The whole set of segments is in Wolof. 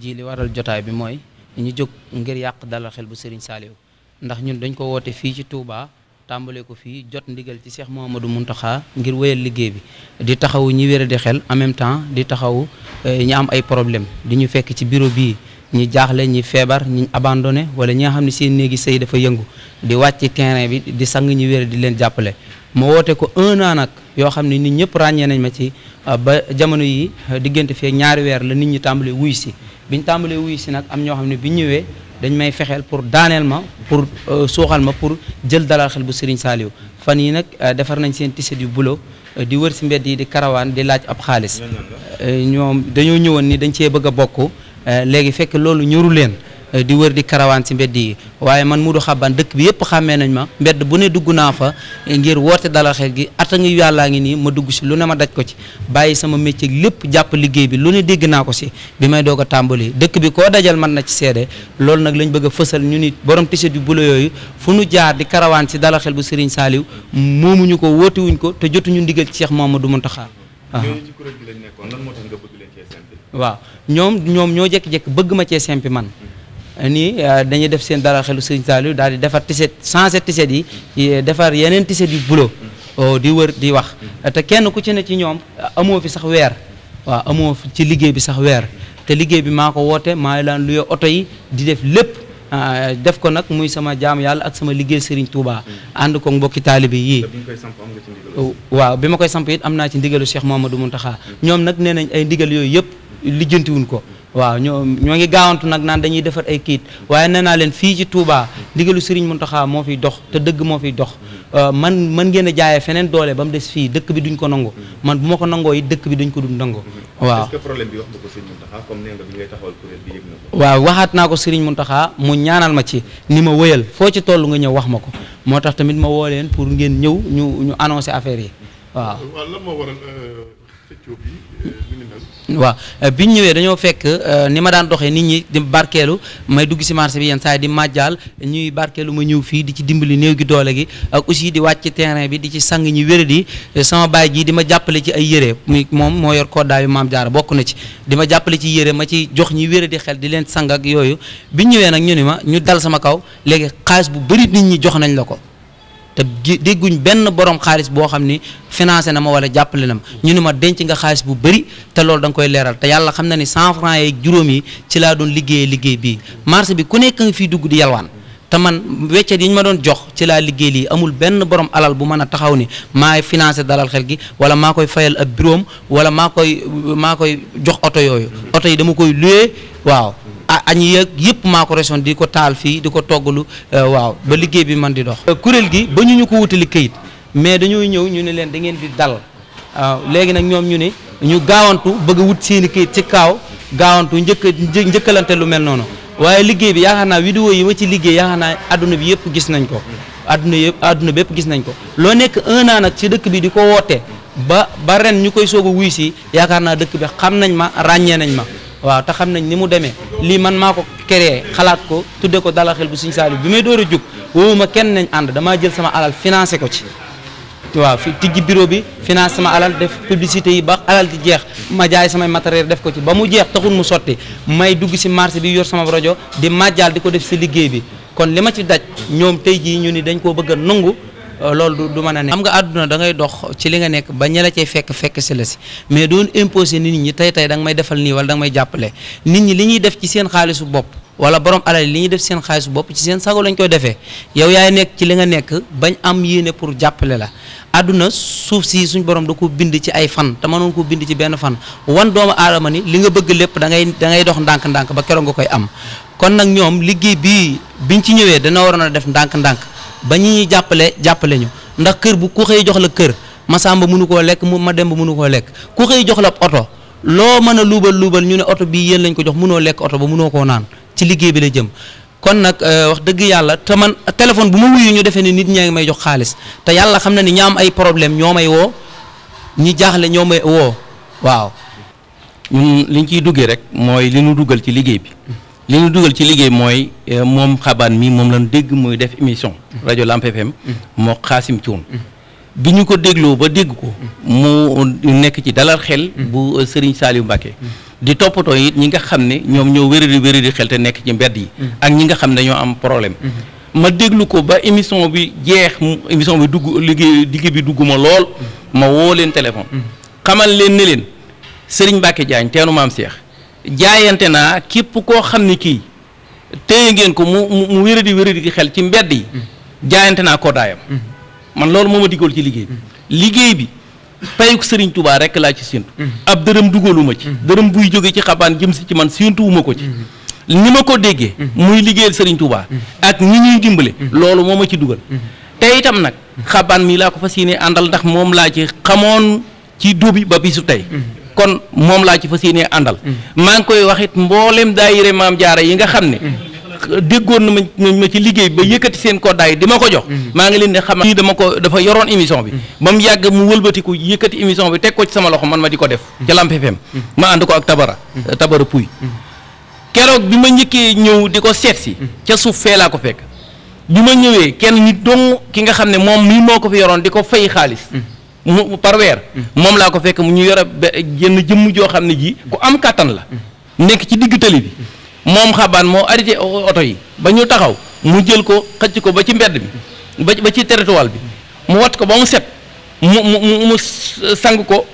ji li waral jotaay bi mooy ñu jóg ngir yàq dalal xel bu Serigne Saliou ndax ñun dañ ko woote fii ci Touba tàmbalee ko fii jot ndigal ci Cheikh Mouhamadou Mountakha ngir wéyal liggéey bi di taxawu ñi wér di xel en même temps di taxawu eh, ñi am ay problème di ñu fekk ci bureau bii ñi jaaxle ñi feebar ñi abandonné wala ñi nga xam ne seen néegi sëy dafa yëngu di wàcc terrain bi di sang ñi wér di leen jàppale ma woote ko un an nag yoo xam ne nit ñëpp ràññee nañ ma ci ah, ba jamono yi diggante fee ñaari weer la nit ñi tàmbale wuy si biñ tàmbalee wuyu si nag am ñoo xam ne bi ñëwee dañ may fexeel pour daaneel ma pour euh, suuxal ma pour jël dalal xel bu Serigne Saliou fan yi nag euh, defar nañ seen tiset yu bulo euh, di wër si mbedd yi di karawaan di laaj ab xaalis ñoom dañoo ñëwoon ni dañ cee bëgg a bokk léegi fekk loolu ñëru leen Euh, di wër di karawaan ci mbedd yi waaye man mu Modou Xaban dëkk bi yëpp xàmmee nañ ma mbedd bu ne dugg naa fa eh, ngir woote dalal xel gi ata ngi yàllaa ngi nii ma dugg si lu ne ma daj ko ci bàyyi sama métier lépp jàpp liggéey bi lu ne dégg naa ko si bi may doog a tàmbali dëkk bi koo dajal man na ci seede loolu nag lañ bëgg fësal ñu nit borom tiset bi bulo yooyu fu nu jaar di karawaan ci dalal xel bu Serigne Saliou moomuñu ko wootewuñ ko te jotuñu ndigal ci Cheikh Mamadou Mountakha ah. waaw ñoom ñoom ñoo jekki-jekki bëgg ma cee simpi man nii euh, dañuy def seen dara xelu sëñ Saliou daal di defar tiset 107 tiset yi defar yeneen tiset yu bulo mm. oh, di wër di wax mm. te kenn ku ci ne ci ñoom euh, amoo fi sax weer waaw amoo ci liggéey bi sax weer te liggéey bi maa ko woote maa laan luye oto yi di def lépp euh, def ko nag muy sama jaam yàlla ak sama liggéey Serigne Touba mm. ànd ko mbokki taalibe yii oh, waaw bi ma koy samp it am naa ci ndigalu Cheikh Mamadou Mountakha ñoom nag nee nañ ay ndigal yooyu yëpp lijjantiwuñ ko waaw ñoo ñoo ngi gaawantu nag naan dañuy defar ay kiit waaye nee naa leen fii ci Touba ndigalu mun taxaa moo fiy dox te dëgg moo fiy dox euh, man man ngeen a jaayee feneen doole ba mu des fii dëkk bi duñ ko nango man bu ma ko nangoo yi dëkk bi duñ ko du nango waaw est-ce que problème bi waaw waxaat naa ko mun taxaa mu ñaanal ma ci ni ma wëyal foo ci tollu nga ñëw wax ma ko moo tax tamit ma woo leen pour ngeen ñëw ñu ñu annoncé affaire yi waaw euh, waaw lan euh, euh, ñëwee dañoo fekk ni ma daan doxee nit ñi di barkeelu may dugg si marché bi yenn saa yi di màjjaal ñuy barkeelu ma ñëw fii di ci dimbali néew gi doole gi ak aussi di wàcc terrain bi di ci sang ñi wéradi sama baay ji di ma jàppale ci ay yére moom moo yor koddaa yu maam jaara bokk na ci di ma jàppale ci yére ma ci jox ñi wéradi xel di leen sang ak yooyu bi ñëwee nag ñu ni ma ñu dal sama kaw léegi xaalis bu bëri nit ñi jox nañ la ko. te dégguñ benn borom xaalis boo xam ni financé na ma wala jàppale na ma ñu ne ma denc nga xaalis bu bëri te loolu danga koy leeral te yàlla xam na ni cent franc yeeg juróom yi ci laa doon liggéeyee liggéey bii marché bi ku nekk nga fii dugg di yalwaan te man weccet yi ñu ma doon jox ci laa liggéey lii amul benn borom alal bu mën a taxaw ni maay financé dalal xel gi wala maa koy fayal ab bureau wala maa koy maa koy jox oto yooyu oto yi dama koy loué waaw añ yëg yëpp maa ko resoon di ko taal fii di ko toggalu euh, waaw ba liggéey bi man di dox euh, kuréel gi ba ñu ñu ko wutali këyit mais dañoo ñëw ñu ne leen da ngeen di dal waaw léegi nag ñoom ñu ni ñu gaawantu bëgg wut seen i këyit ci kaaw gaawantu njëkk njëkkalante lu mel noonu waaye liggéey bi yaakaar naa vidéo yi ma ci liggéey yaakaar naa adduna bi yëpp gis nañ ko adduna yëpp àdduna bépp gis nañ ko loo nekk un an nag ci dëkk bi di ko woote ba ba ren ñu koy soog a wuy si yaakaar naa dëkk bi xam nañ ma ràññee nañ ma waaw xam nañ ni mu demee lii man maa ko créé xalaat ko tudde ko dalal xel bu Sëriñ Saaliw bi may door a jóg woowuma kenn nañ ànd damaa jël sama alal financé ko ci waaw fi tijji bureau bi finance sama alal def publicité yi ba alal di jeex ma jaay samay matériel def ko ci ba mu jeex taxul mu sotti may dugg si marché bi yor sama rajo di màjjaal di ko def si liggéey bi kon li ma ci daj ñoom tey jii ñu ni dañ koo bëgg a nangu Euh, loolu du mën a ne am nga àdduna da ngay dox ci li nga nekk ba ña la cay fekk fekk si la si mais doon imposé nit ñi tey tey danga may defal nii wala da nga jàppale nit ñi li ñuy def ci seen xaalisu bopp wala borom alal li ñuy def seen xaalisu bopp ci seen sago lañ koy defee yow yaay nekk ci li nga nekk bañ am yéene pour jàppale la àdduna suuf si suñ borom da ko bind ci ay fan te mënoon ko bind ci benn fan wan doomu aadama ni li nga lépp da da ngay dox ndànk-ndànk ba keroog nga koy am kon nag ñoom liggéey bii biñ ci ñëwee dana waroon a def ndànk-ndànk ba ñi ñuy jàppale jàppale ñu ndax kër bu ku xëy jox la kër Masamba mënu koo lekk mu ma dem ba mënu koo lekk ku xëy jox la oto loo mën a luubal luubal ñu ne oto bii yéen lañ ko jox mënoo lekk oto ba munoo koo naan ci liggéey bi la jëm kon nag euh, wax dëgg yàlla te man téléphone bu ma wuyu ñu defee ni nit ñaa ngi may jox xaalis te yàlla xam na ni ña am ay problème ñoo may woo ñi jaaxle ñoo may woo waaw. ñun liñ ciy duggee rek mooy li ñu duggal ci liggéey bi. li ñu dugal ci liggéey mooy euh, moom xabaan mii moom lan dégg muy def émission rajo Lamp FM moo xaasim cuun bi ñu ko dégloo ba dégg ko mu nekk ci dalal xel bu euh, Serigne Saliou Mbacké di toppatoo it ñi nga xam ne ñoom ñoo wéradi wéradi xel te nekk ci mbedd yi ak ñi nga xam ne ñoo am problème ma déglu ko ba émission bi jeex émission bi dugg liggéey liggéey bi dugg ma lool ma woo leen téléphone xamal leen ne leen Serigne Mbacké Diagne teenu maam Cheikh jaayante naa képp koo xam ne kii téye ngeen ko mu mu wéradi wéradi ki xel ci mbedd yi mm-hmm. jaayante naa koo daayam mm-hmm. man loolu moom ma diggool ci liggéey bi mm-hmm. liggéey bi payuk sëriñ tubaa rekk laa ci séntu ab dërëm dugaluma ci dërëm buy jóge ci xabaan jëm si ci man séntuwuma ko ci ni ma ko dégge muy liggéeyal sëriñ tubaa ak ñi ñuy dimbale loolu moom ma ci dugal te itam nag xaban mii laa ko fas yéene àndal ndax moom laa ci xamoon ci dóobi ba bisu tey kon moom laa ci fas yéenee àndal. Mm. maa ngi koy wax it mboolem daayire maam jaara yi nga xam ne. Mm. déggoon na ma ma ci liggéey ba yëkkati seen koddaay di ma ko jox mm. maa ngi leen di xamal lii dama ko dafa yoroon émission bi ba yàgg mu wëlbatiku yëkkati émission bi teg ko ci sama loxo man ma di ko def ci Lamp ma ànd ko ak tabara eh, tabara puy keroog bi ma njëkkee ñëw di ko seet si ca suuf fee laa ko fekk bi ma ñëwee kenn nit dong ki nga xam ne moom mii moo ko fi yoroon di ko fay xaalis mu par weer mm. moom laa ko fekk mu ñu yore jenn jëmm joo xam ne ji ku am kàttan la mm. nekk ci digg tali bi mm. moom xabaan moo arrêté oto yi ba ñu taxaw mu jël ko xëcc ko ba ci mbedd bi ba ba ci territoire bi mu wat ko ba mu set mu mu mu sang ko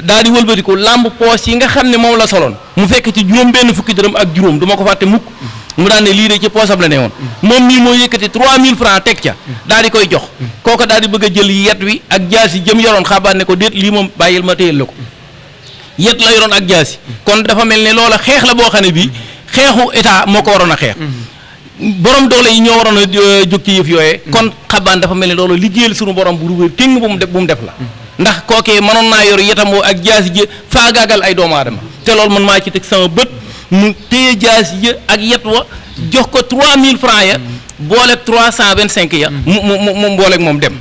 daal di wëlbati ko làmb poos yi nga xam ne moom la soloon mu fekk ci juróom benn fukki dërëm ak juróom du ma ko fàtte mukk mu daan lii de ci poosam ne woon mm. moom mii moo yëkkati 3000 francs teg ca mm. daal di koy jox mm. kooka daal di bëgg a jël yet wi ak yi jëm yoroon xabaar ko déet lii moom bàyyil ma téyel la ko yet la yoroon ak jaasi kon dafa mel ne loola xeex la boo xam ne bii xeexu état moo ko waroon a xeex borom doole yi ñoo waroon a euh, yëf yooyee kon xabaan dafa mel ne loolu liggéeyal sunu borom bu ruwéer téng bu mu def bu mu def la ndax kookee mënoon naa yor yetamoo ak jaasi ji faagaagal ay doomu aadama te loolu man maa ci teg sama bët mu téye jaas ya ak yet wa jox ko 3000 francs ya mm. booleeg 325 ya mm. mu mu mu mbooleeg moom dem